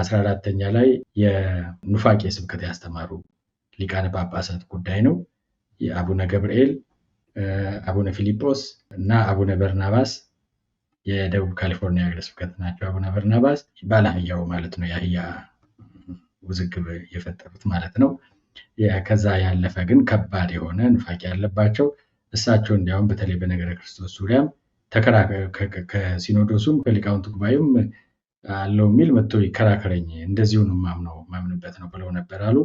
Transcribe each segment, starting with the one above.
አስራ አራተኛ ላይ የኑፋቄ ስብከት ያስተማሩ ሊቃነ ጳጳሳት ጉዳይ ነው። የአቡነ ገብርኤል፣ አቡነ ፊሊጶስ እና አቡነ በርናባስ የደቡብ ካሊፎርኒያ ሀገረ ስብከት ናቸው። አቡነ በርናባስ ባለአህያው ማለት ነው። የአህያ ውዝግብ የፈጠሩት ማለት ነው። ከዛ ያለፈ ግን ከባድ የሆነ ኑፋቄ ያለባቸው እሳቸው እንዲያውም በተለይ በነገረ ክርስቶስ ዙሪያም ከሲኖዶሱም ከሊቃውንት ጉባኤም አለው የሚል መጥቶ ይከራከረኝ እንደዚሁ ነው ማምነው ማምንበት ነው ብለው ነበር አሉ።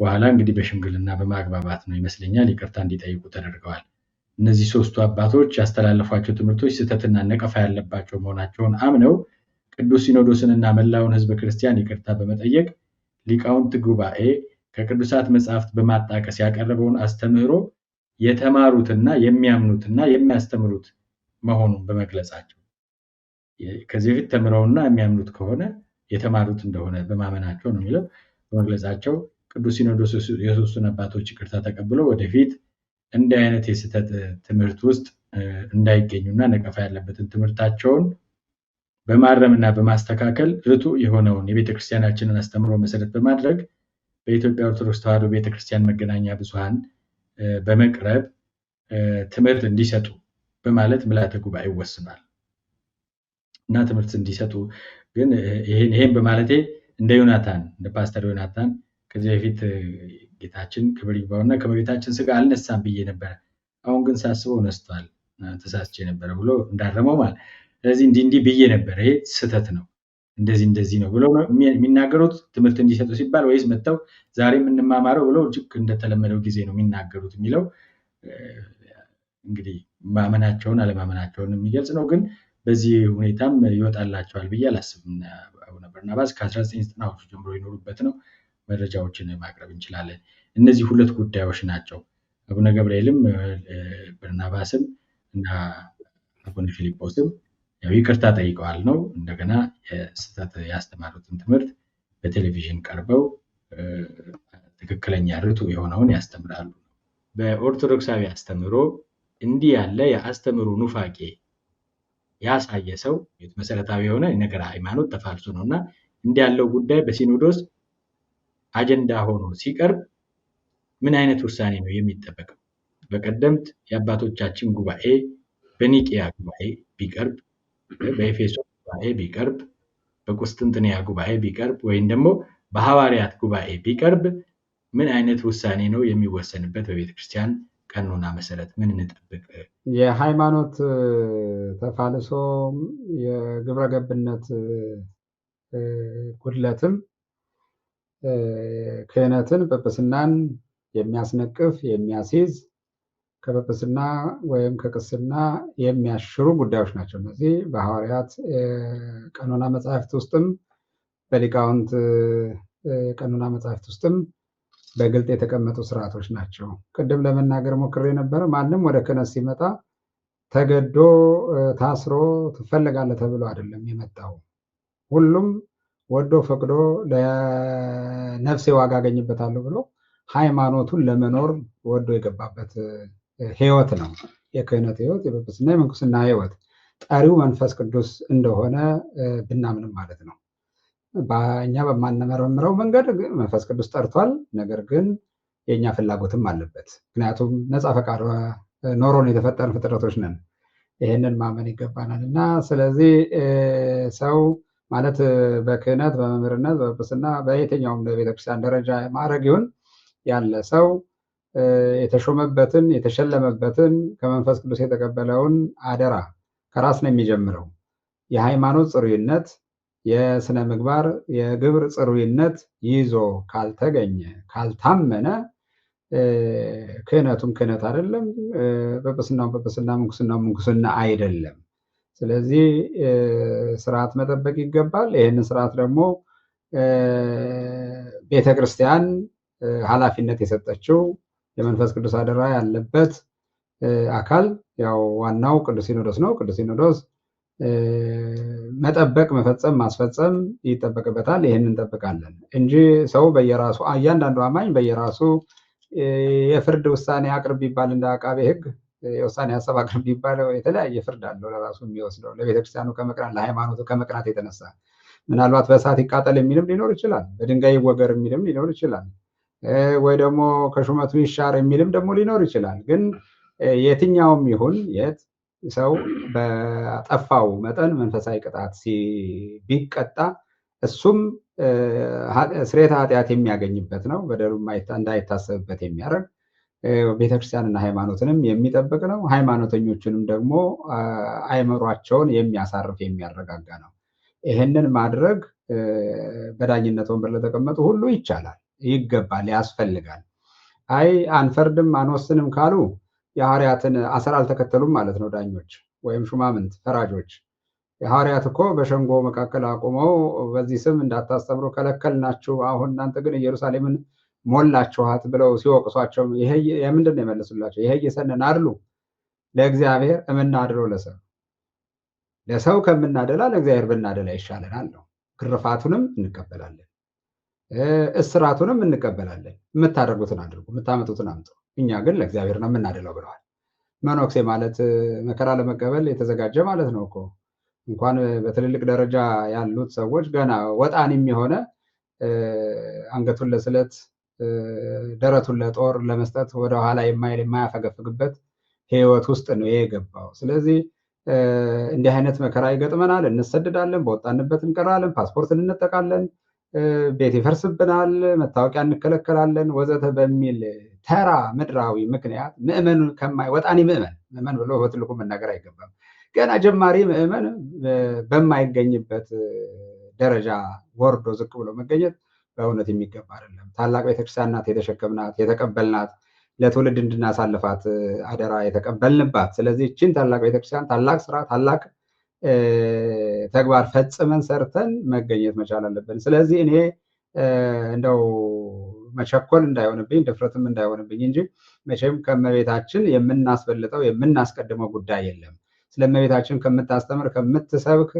በኋላ እንግዲህ በሽምግልና በማግባባት ነው ይመስለኛል ይቅርታ እንዲጠይቁ ተደርገዋል። እነዚህ ሶስቱ አባቶች ያስተላለፏቸው ትምህርቶች ስህተትና ነቀፋ ያለባቸው መሆናቸውን አምነው ቅዱስ ሲኖዶስንና መላውን ሕዝበ ክርስቲያን ይቅርታ በመጠየቅ ሊቃውንት ጉባኤ ከቅዱሳት መጽሐፍት በማጣቀስ ያቀረበውን አስተምህሮ የተማሩትና የሚያምኑትና የሚያስተምሩት መሆኑን በመግለጻቸው ከዚህ በፊት ተምረውና የሚያምኑት ከሆነ የተማሩት እንደሆነ በማመናቸው ነው የሚለው በመግለጻቸው ቅዱስ ሲኖዶስ የሶስቱን አባቶች ይቅርታ ተቀብሎ ወደፊት እንዲህ አይነት የስህተት ትምህርት ውስጥ እንዳይገኙና ነቀፋ ያለበትን ትምህርታቸውን እና በማስተካከል ርቱ የሆነውን የቤተክርስቲያናችንን አስተምሮ መሰረት በማድረግ በኢትዮጵያ ኦርቶዶክስ ተዋህዶ ቤተክርስቲያን መገናኛ ብዙሃን በመቅረብ ትምህርት እንዲሰጡ በማለት ምልዓተ ጉባኤ ይወስናል። እና ትምህርት እንዲሰጡ ግን ይሄን በማለቴ እንደ ዮናታን እንደ ፓስተር ዮናታን ከዚህ በፊት ጌታችን ክብር ይግባውና ከመቤታችን ስጋ አልነሳም ብዬ ነበረ፣ አሁን ግን ሳስበው ነስቷል፣ ተሳስቼ ነበረ ብሎ እንዳረመው ማለት ስለዚህ እንዲህ እንዲህ ብዬ ነበረ፣ ይሄ ስህተት ነው፣ እንደዚህ እንደዚህ ነው ብሎ የሚናገሩት ትምህርት እንዲሰጡ ሲባል ወይስ መጥተው ዛሬ የምንማማረው ብለው እጅግ እንደተለመደው ጊዜ ነው የሚናገሩት የሚለው እንግዲህ ማመናቸውን አለማመናቸውን የሚገልጽ ነው ግን በዚህ ሁኔታም ይወጣላቸዋል ብዬ አላስብም። አቡነ በርናባስ ከ1990ዎቹ ጀምሮ የኖሩበት ነው። መረጃዎችን ማቅረብ እንችላለን። እነዚህ ሁለት ጉዳዮች ናቸው። አቡነ ገብርኤልም በርናባስም እና አቡነ ፊልጶስም ያው ይቅርታ ጠይቀዋል ነው እንደገና የስህተት ያስተማሩትን ትምህርት በቴሌቪዥን ቀርበው ትክክለኛ ርቱ የሆነውን ያስተምራሉ። በኦርቶዶክሳዊ አስተምሮ እንዲህ ያለ የአስተምሮ ኑፋቄ ያሳየ ሰው መሰረታዊ የሆነ ነገር ሃይማኖት ተፋልሶ ነው እና እንዲህ ያለው ጉዳይ በሲኖዶስ አጀንዳ ሆኖ ሲቀርብ ምን አይነት ውሳኔ ነው የሚጠበቀው? በቀደምት የአባቶቻችን ጉባኤ በኒቅያ ጉባኤ ቢቀርብ፣ በኤፌሶ ጉባኤ ቢቀርብ፣ በቁስጥንጥንያ ጉባኤ ቢቀርብ ወይም ደግሞ በሐዋርያት ጉባኤ ቢቀርብ ምን አይነት ውሳኔ ነው የሚወሰንበት በቤተክርስቲያን ቀኖና መሰረት ምን እንጠብቅ? የሃይማኖት ተፋልሶ የግብረገብነት ጉድለትም ክህነትን ጵጵስናን የሚያስነቅፍ የሚያስይዝ ከጵጵስና ወይም ከቅስና የሚያሽሩ ጉዳዮች ናቸው። እነዚህ በሐዋርያት ቀኖና መጽሐፍት ውስጥም በሊቃውንት ቀኖና መጽሐፍት ውስጥም በግልጥ የተቀመጡ ስርዓቶች ናቸው። ቅድም ለመናገር ሞክሬ የነበረ ማንም ወደ ክህነት ሲመጣ ተገዶ ታስሮ ትፈልጋለህ ተብሎ አይደለም የመጣው። ሁሉም ወዶ ፈቅዶ ለነፍሴ ዋጋ አገኝበታለሁ ብሎ ሃይማኖቱን ለመኖር ወዶ የገባበት ህይወት ነው። የክህነት ህይወት፣ የጵጵስና የምንኩስና ህይወት ጠሪው መንፈስ ቅዱስ እንደሆነ ብናምንም ማለት ነው። እኛ በማንመረምረው መንገድ መንፈስ ቅዱስ ጠርቷል። ነገር ግን የእኛ ፍላጎትም አለበት። ምክንያቱም ነፃ ፈቃድ ኖሮን የተፈጠርን ፍጥረቶች ነን። ይህንን ማመን ይገባናል እና ስለዚህ ሰው ማለት በክህነት፣ በመምህርነት፣ በጵጵስና በየትኛውም ቤተክርስቲያን ደረጃ ማዕረግ ይሁን ያለ ሰው የተሾመበትን የተሸለመበትን ከመንፈስ ቅዱስ የተቀበለውን አደራ ከራስ ነው የሚጀምረው። የሃይማኖት ጽሩይነት የስነ ምግባር የግብር ጽሩይነት ይዞ ካልተገኘ ካልታመነ ክህነቱም ክህነት አይደለም፣ ጵጵስናው ጵጵስና፣ ምንኩስናውም ምንኩስና አይደለም። ስለዚህ ስርዓት መጠበቅ ይገባል። ይህንን ስርዓት ደግሞ ቤተ ክርስቲያን ኃላፊነት የሰጠችው የመንፈስ ቅዱስ አደራ ያለበት አካል ያው ዋናው ቅዱስ ሲኖዶስ ነው። ቅዱስ ሲኖዶስ መጠበቅ፣ መፈጸም፣ ማስፈጸም ይጠበቅበታል። ይህን እንጠብቃለን እንጂ ሰው በየራሱ እያንዳንዱ አማኝ በየራሱ የፍርድ ውሳኔ አቅርብ ቢባል እንደ አቃቤ ሕግ የውሳኔ ሀሳብ አቅርብ ቢባል የተለያየ ፍርድ አለው ለራሱ የሚወስደው ለቤተክርስቲያኑ ከመቅናት ለሃይማኖቱ ከመቅናት የተነሳ ምናልባት በእሳት ይቃጠል የሚልም ሊኖር ይችላል። በድንጋይ ይወገር የሚልም ሊኖር ይችላል። ወይ ደግሞ ከሹመቱ ይሻር የሚልም ደግሞ ሊኖር ይችላል። ግን የትኛውም ይሁን የት ሰው በጠፋው መጠን መንፈሳዊ ቅጣት ቢቀጣ እሱም ስሬተ ኃጢአት የሚያገኝበት ነው። በደሉ እንዳይታሰብበት የሚያደርግ ቤተክርስቲያንና ሃይማኖትንም የሚጠብቅ ነው። ሃይማኖተኞችንም ደግሞ አይምሯቸውን የሚያሳርፍ የሚያረጋጋ ነው። ይህንን ማድረግ በዳኝነት ወንበር ለተቀመጡ ሁሉ ይቻላል፣ ይገባል፣ ያስፈልጋል። አይ አንፈርድም አንወስንም ካሉ የሐዋርያትን አሰር አልተከተሉም ማለት ነው። ዳኞች ወይም ሹማምንት ፈራጆች የሐዋርያት እኮ በሸንጎ መካከል አቁመው በዚህ ስም እንዳታስተምሩ ከለከል ናችሁ፣ አሁን እናንተ ግን ኢየሩሳሌምን ሞላችኋት ብለው ሲወቅሷቸው የምንድን ነው የመለሱላቸው? ይሄ እየሰነን አድሉ ለእግዚአብሔር እምናድለው ለሰው ለሰው ከምናደላ ለእግዚአብሔር ብናደላ ይሻለናል ነው። ግርፋቱንም እንቀበላለን፣ እስራቱንም እንቀበላለን። የምታደርጉትን አድርጉ፣ የምታመጡትን አምጡ። እኛ ግን ለእግዚአብሔር ነው የምናደለው ብለዋል። መኖክሴ ማለት መከራ ለመቀበል የተዘጋጀ ማለት ነው እኮ እንኳን በትልልቅ ደረጃ ያሉት ሰዎች ገና ወጣኒም የሆነ አንገቱን ለስለት ደረቱን ለጦር ለመስጠት ወደኋላ የማይል የማያፈገፍግበት ህይወት ውስጥ ነው የገባው። ስለዚህ እንዲህ አይነት መከራ ይገጥመናል፣ እንሰደዳለን፣ በወጣንበት እንቀራለን፣ ፓስፖርት እንነጠቃለን፣ ቤት ይፈርስብናል፣ መታወቂያ እንከለከላለን፣ ወዘተ በሚል ተራ ምድራዊ ምክንያት ምእመኑ ከማይወጣኒ ምእመን ምእመን ብሎ በትልቁ መናገር አይገባም። ገና ጀማሪ ምእመን በማይገኝበት ደረጃ ወርዶ ዝቅ ብሎ መገኘት በእውነት የሚገባ አይደለም። ታላቅ ቤተክርስቲያን ናት፣ የተሸከምናት፣ የተቀበልናት፣ ለትውልድ እንድናሳልፋት አደራ የተቀበልንባት። ስለዚህ ይህችን ታላቅ ቤተክርስቲያን ታላቅ ስራ፣ ታላቅ ተግባር ፈጽመን ሰርተን መገኘት መቻል አለብን። ስለዚህ እኔ እንደው መቸኮል እንዳይሆንብኝ ድፍረትም እንዳይሆንብኝ እንጂ መቼም ከመቤታችን የምናስበልጠው የምናስቀድመው ጉዳይ የለም። ስለመቤታችን ከምታስተምር ከምትሰብክ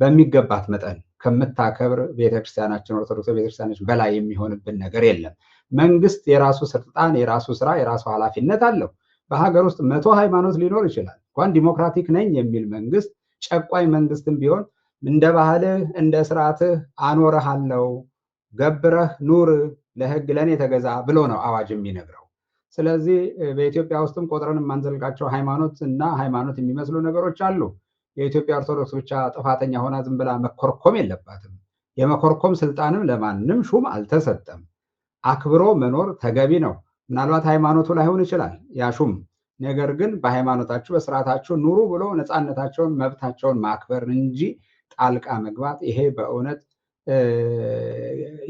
በሚገባት መጠን ከምታከብር ቤተክርስቲያናችን ኦርቶዶክስ ቤተክርስቲያኖች በላይ የሚሆንብን ነገር የለም። መንግስት የራሱ ስልጣን፣ የራሱ ስራ፣ የራሱ ኃላፊነት አለው። በሀገር ውስጥ መቶ ሃይማኖት ሊኖር ይችላል። እንኳን ዲሞክራቲክ ነኝ የሚል መንግስት ጨቋኝ መንግስትም ቢሆን እንደ ባህልህ እንደ ስርዓትህ አኖረሃለው ገብረህ ኑር ለህግ ለእኔ ተገዛ ብሎ ነው አዋጅ የሚነግረው። ስለዚህ በኢትዮጵያ ውስጥም ቆጥረን የማንዘልቃቸው ሃይማኖት እና ሃይማኖት የሚመስሉ ነገሮች አሉ። የኢትዮጵያ ኦርቶዶክስ ብቻ ጥፋተኛ ሆና ዝም ብላ መኮርኮም የለባትም። የመኮርኮም ስልጣንም ለማንም ሹም አልተሰጠም። አክብሮ መኖር ተገቢ ነው። ምናልባት ሃይማኖቱ ላይሆን ይችላል ያ ሹም፣ ነገር ግን በሃይማኖታችሁ በስርዓታችሁ ኑሩ ብሎ ነፃነታቸውን መብታቸውን ማክበር እንጂ ጣልቃ መግባት ይሄ በእውነት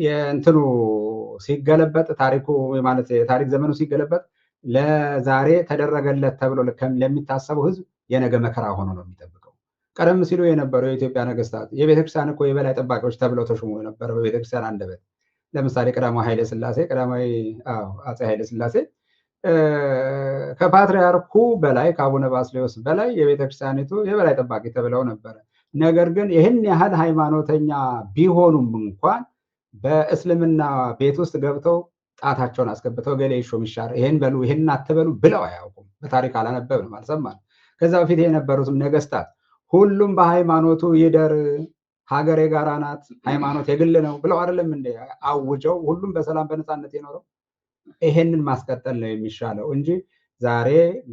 የእንትኑ ሲገለበጥ ታሪኩ ማለት የታሪክ ዘመኑ ሲገለበጥ ለዛሬ ተደረገለት ተብሎ ለሚታሰበው ህዝብ የነገ መከራ ሆኖ ነው የሚጠብቀው። ቀደም ሲሉ የነበረው የኢትዮጵያ ነገስታት የቤተክርስቲያን እኮ የበላይ ጠባቂዎች ተብለው ተሾሞ የነበረ በቤተክርስቲያን አንደበት ለምሳሌ ቀዳማዊ ኃይለ ስላሴ ቀዳማዊ አፄ ኃይለ ስላሴ ከፓትሪያርኩ በላይ ከአቡነ ባስሌዎስ በላይ የቤተክርስቲያኒቱ የበላይ ጠባቂ ተብለው ነበረ። ነገር ግን ይህን ያህል ሃይማኖተኛ ቢሆኑም እንኳን በእስልምና ቤት ውስጥ ገብተው ጣታቸውን አስገብተው ገሌ ሾም ይሻር ይሄን በሉ ይሄን አትበሉ ብለው አያውቁም። በታሪክ አላነበብንም፣ አልሰማንም። ከዛ በፊት የነበሩትም ነገስታት ሁሉም በሃይማኖቱ ይደር፣ ሀገር የጋራ ናት፣ ሃይማኖት የግል ነው ብለው አይደለም እንደ አውጀው ሁሉም በሰላም በነፃነት የኖረው። ይሄንን ማስቀጠል ነው የሚሻለው እንጂ ዛሬ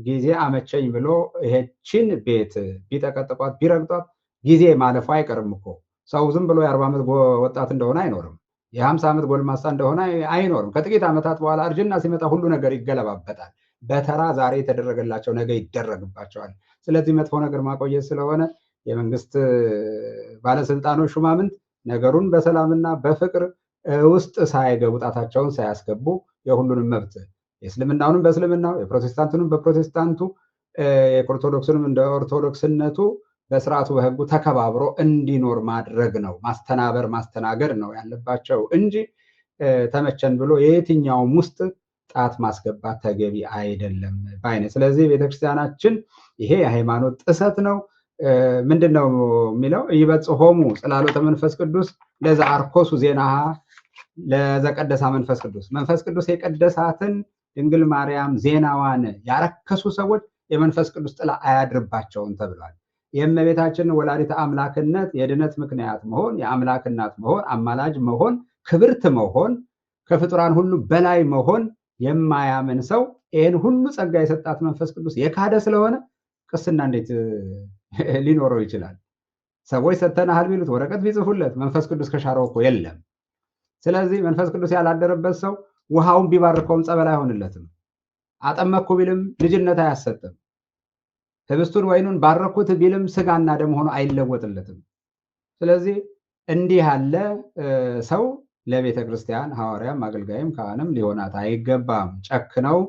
ጊዜ አመቸኝ ብሎ ይሄችን ቤት ቢጠቀጥቋት ቢረግጧት ጊዜ ማለፉ አይቀርም እኮ ሰው ዝም ብሎ የአርባ ዓመት ወጣት እንደሆነ አይኖርም። የሀምሳ ዓመት ጎልማሳ እንደሆነ አይኖርም። ከጥቂት ዓመታት በኋላ እርጅና ሲመጣ ሁሉ ነገር ይገለባበጣል። በተራ ዛሬ የተደረገላቸው ነገ ይደረግባቸዋል። ስለዚህ መጥፎ ነገር ማቆየት ስለሆነ የመንግስት ባለስልጣኖች ሹማምንት ነገሩን በሰላምና በፍቅር ውስጥ ሳይገቡ ጣታቸውን ሳያስገቡ የሁሉንም መብት የእስልምናውንም በእስልምናው የፕሮቴስታንቱንም በፕሮቴስታንቱ የኦርቶዶክስንም እንደ ኦርቶዶክስነቱ በስርዓቱ በህጉ ተከባብሮ እንዲኖር ማድረግ ነው። ማስተናበር ማስተናገድ ነው ያለባቸው እንጂ ተመቸን ብሎ የየትኛውም ውስጥ ጣት ማስገባት ተገቢ አይደለም ባይነ። ስለዚህ ቤተክርስቲያናችን ይሄ የሃይማኖት ጥሰት ነው ምንድን ነው የሚለው? ይበጽሖሙ ጽላሎተ መንፈስ ቅዱስ ለዛ አርኮሱ ዜና ለዘቀደሳ መንፈስ ቅዱስ መንፈስ ቅዱስ የቀደሳትን ድንግል ማርያም ዜናዋን ያረከሱ ሰዎች የመንፈስ ቅዱስ ጥላ አያድርባቸውም ተብሏል። የእመቤታችን ወላዲት አምላክነት የድነት ምክንያት መሆን፣ የአምላክነት መሆን፣ አማላጅ መሆን፣ ክብርት መሆን፣ ከፍጡራን ሁሉ በላይ መሆን የማያምን ሰው ይህን ሁሉ ጸጋ የሰጣት መንፈስ ቅዱስ የካደ ስለሆነ ቅስና እንዴት ሊኖረው ይችላል? ሰዎች ሰተናሃል ቢሉት ወረቀት ቢጽፉለት መንፈስ ቅዱስ ከሻረው እኮ የለም። ስለዚህ መንፈስ ቅዱስ ያላደረበት ሰው ውሃውን ቢባርከውም ጸበል አይሆንለትም። አጠመኩ ቢልም ልጅነት አያሰጥም። ህብስቱን ወይኑን ባረኩት ቢልም ስጋና ደም ሆኖ አይለወጥለትም። ስለዚህ እንዲህ ያለ ሰው ለቤተ ክርስቲያን ሐዋርያም አገልጋይም ካህንም ሊሆናት አይገባም። ጨክነው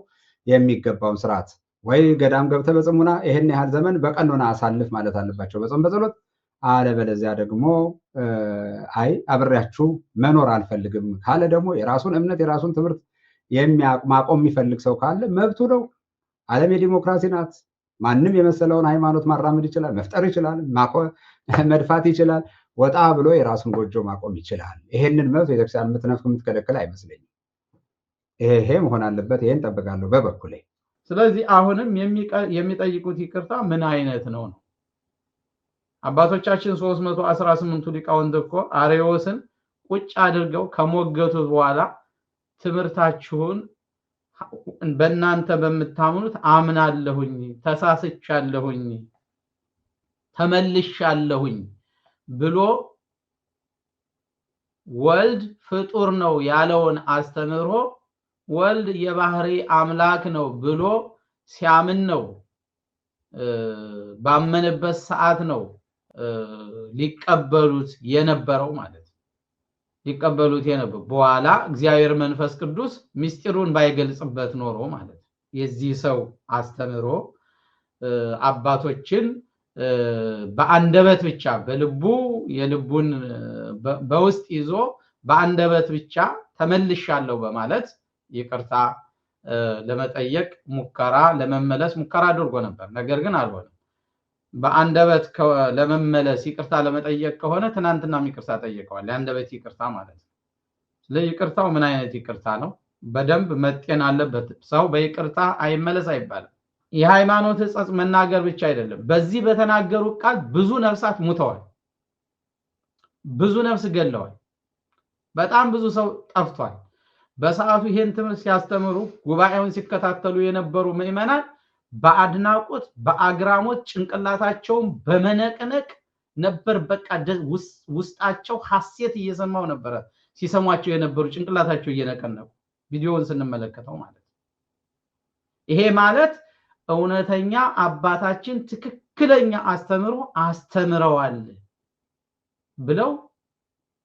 የሚገባውን ስርዓት ወይ ገዳም ገብተ በጽሙና ይሄን ያህል ዘመን በቀኖና አሳልፍ ማለት አለባቸው፣ በጾም በጸሎት። አለበለዚያ ደግሞ አይ አብሬያችሁ መኖር አልፈልግም ካለ ደግሞ የራሱን እምነት የራሱን ትምህርት ማቆም የሚፈልግ ሰው ካለ መብቱ ነው። ዓለም የዲሞክራሲ ናት። ማንም የመሰለውን ሃይማኖት ማራመድ ይችላል፣ መፍጠር ይችላል፣ መድፋት ይችላል። ወጣ ብሎ የራሱን ጎጆ ማቆም ይችላል። ይሄንን መብት ቤተክርስቲያን የምትነፍቅ የምትከለክል አይመስለኝም። ይሄ መሆን አለበት። ይሄን ጠብቃለሁ በበኩሌ። ስለዚህ አሁንም የሚጠይቁት ይቅርታ ምን አይነት ነው ነው? አባቶቻችን 318ቱ ሊቃውንት እኮ አሬዎስን ቁጭ አድርገው ከሞገቱት በኋላ ትምህርታችሁን በእናንተ በምታምኑት አምናለሁኝ፣ ተሳስቻለሁኝ፣ ተመልሻለሁኝ ብሎ ወልድ ፍጡር ነው ያለውን አስተምህሮ ወልድ የባህሪ አምላክ ነው ብሎ ሲያምን ነው ባመነበት ሰዓት ነው ሊቀበሉት የነበረው ማለት ይቀበሉት የነበር በኋላ እግዚአብሔር መንፈስ ቅዱስ ምስጢሩን ባይገልጽበት ኖሮ ማለት የዚህ ሰው አስተምሮ አባቶችን በአንደበት ብቻ በልቡ የልቡን በውስጥ ይዞ በአንደበት ብቻ ተመልሻለሁ በማለት ይቅርታ ለመጠየቅ ሙከራ ለመመለስ ሙከራ አድርጎ ነበር። ነገር ግን አልሆነ። በአንደበት ለመመለስ ይቅርታ ለመጠየቅ ከሆነ ትናንትናም ይቅርታ ጠይቀዋል። የአንደበት ይቅርታ ማለት ነው። ስለዚህ ይቅርታው ምን አይነት ይቅርታ ነው? በደንብ መጤን አለበት። ሰው በይቅርታ አይመለስ አይባልም። የሃይማኖት ሕጸጽ መናገር ብቻ አይደለም። በዚህ በተናገሩ ቃል ብዙ ነፍሳት ሙተዋል፣ ብዙ ነፍስ ገለዋል፣ በጣም ብዙ ሰው ጠፍቷል። በሰዓቱ ይሄን ትምህርት ሲያስተምሩ ጉባኤውን ሲከታተሉ የነበሩ ምዕመናን በአድናቆት በአግራሞት ጭንቅላታቸውን በመነቅነቅ ነበር። በቃ ውስጣቸው ሀሴት እየሰማው ነበረ ሲሰሟቸው የነበሩ ጭንቅላታቸው እየነቀነቁ ቪዲዮውን ስንመለከተው ማለት ይሄ ማለት እውነተኛ አባታችን ትክክለኛ አስተምሮ አስተምረዋል ብለው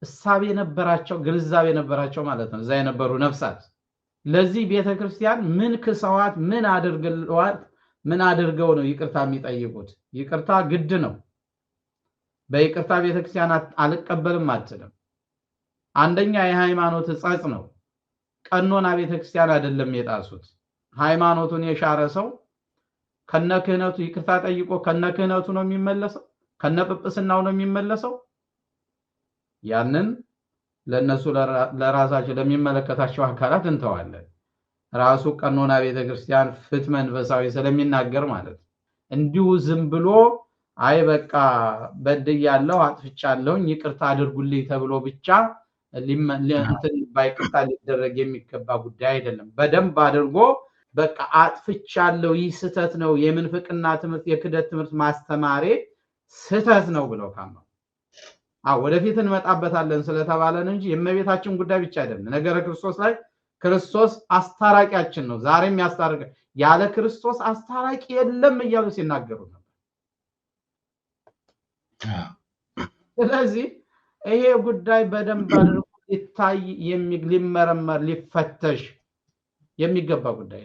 እሳቤ የነበራቸው ግንዛቤ የነበራቸው ማለት ነው። እዛ የነበሩ ነፍሳት ለዚህ ቤተክርስቲያን ምን ክሰዋት ምን አድርግለዋት ምን አድርገው ነው ይቅርታ የሚጠይቁት? ይቅርታ ግድ ነው። በይቅርታ ቤተክርስቲያን አልቀበልም አትልም። አንደኛ የሃይማኖት ጸጽ ነው። ቀኖና ቤተክርስቲያን አይደለም የጣሱት። ሃይማኖቱን የሻረ ሰው ከነ ክህነቱ ይቅርታ ጠይቆ ከነ ክህነቱ ነው የሚመለሰው፣ ከነ ጵጵስናው ነው የሚመለሰው። ያንን ለነሱ ለራሳቸው ለሚመለከታቸው አካላት እንተዋለን። ራሱ ቀኖና ቤተክርስቲያን ፍት መንፈሳዊ ስለሚናገር ማለት ነው። እንዲሁ ዝም ብሎ አይ በቃ በድያለሁ፣ አጥፍቻለሁኝ ይቅርታ አድርጉልኝ ተብሎ ብቻ ባይቅርታ ሊደረግ የሚገባ ጉዳይ አይደለም። በደንብ አድርጎ በቃ አጥፍቻለሁ፣ ይህ ስህተት ነው፣ የምንፍቅና ትምህርት የክደት ትምህርት ማስተማሬ ስህተት ነው ብለው ካመ ወደፊት እንመጣበታለን ስለተባለን እንጂ የእመቤታችን ጉዳይ ብቻ አይደለም ነገረ ክርስቶስ ላይ ክርስቶስ አስታራቂያችን ነው፣ ዛሬም ያስታርቀ ያለ ክርስቶስ አስታራቂ የለም እያሉ ሲናገሩ ነበር። ስለዚህ ይሄ ጉዳይ በደንብ አድርጎ ሊታይ፣ ሊመረመር፣ ሊፈተሽ የሚገባ ጉዳይ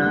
ነው።